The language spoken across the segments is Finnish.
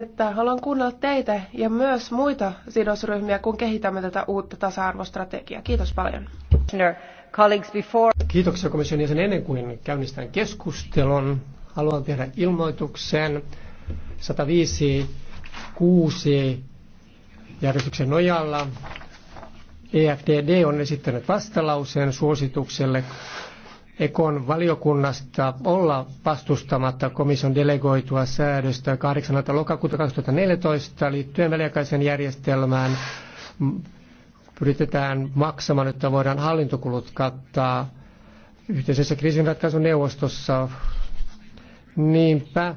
että haluan kuunnella teitä ja myös muita sidosryhmiä, kun kehitämme tätä uutta tasa-arvostrategiaa. Kiitos paljon. Kiitoksia komission jäsen. Ennen kuin käynnistän keskustelun, haluan tehdä ilmoituksen 105.6 järjestyksen nojalla. EFDD on esittänyt vastalauseen suositukselle Ekon valiokunnasta olla vastustamatta komission delegoitua säädöstä 8. lokakuuta 2014 liittyen väliaikaisen järjestelmään. Pyritetään maksamaan, että voidaan hallintokulut kattaa yhteisessä kriisinratkaisuneuvostossa. Niinpä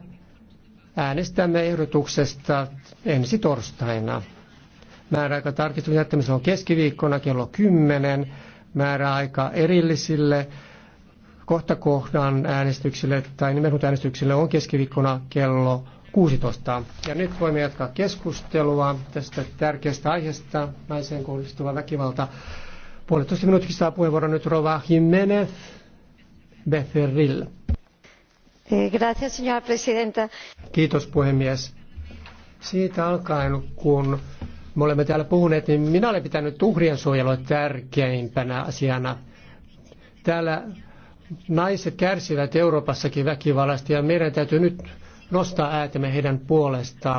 äänestämme ehdotuksesta ensi torstaina. Määräaika tarkistuksen jättämisellä on keskiviikkona kello 10. Määräaika erillisille kohta kohdan äänestyksille tai nimenhuut äänestyksille on keskiviikkona kello 16. Ja nyt voimme jatkaa keskustelua tästä tärkeästä aiheesta, naiseen kohdistuva väkivalta. Puolitoista minuutiksi saa puheenvuoron nyt Rova Jimenez Beferril. Eh, gracias, señora presidenta. Kiitos puhemies. Siitä alkaen, kun me olemme täällä puhuneet, niin minä olen pitänyt uhrien suojelua tärkeimpänä asiana. Täällä Naiset kärsivät Euroopassakin väkivallasta ja meidän täytyy nyt nostaa ääntämme heidän puolestaan.